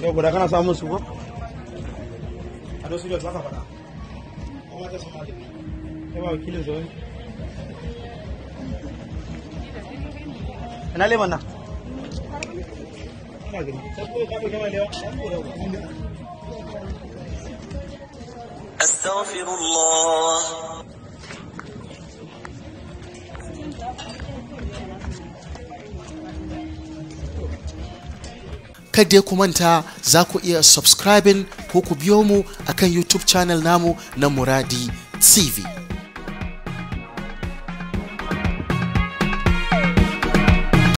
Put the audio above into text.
yau guda kana samun su ba? a don su ba ka fada kuma ta sama da ya ba wakilin zuwa ina leman nan استغفر الله kada ku manta za ku iya subscribing ko ku biyo mu akan YouTube channel namu na Muradi TV.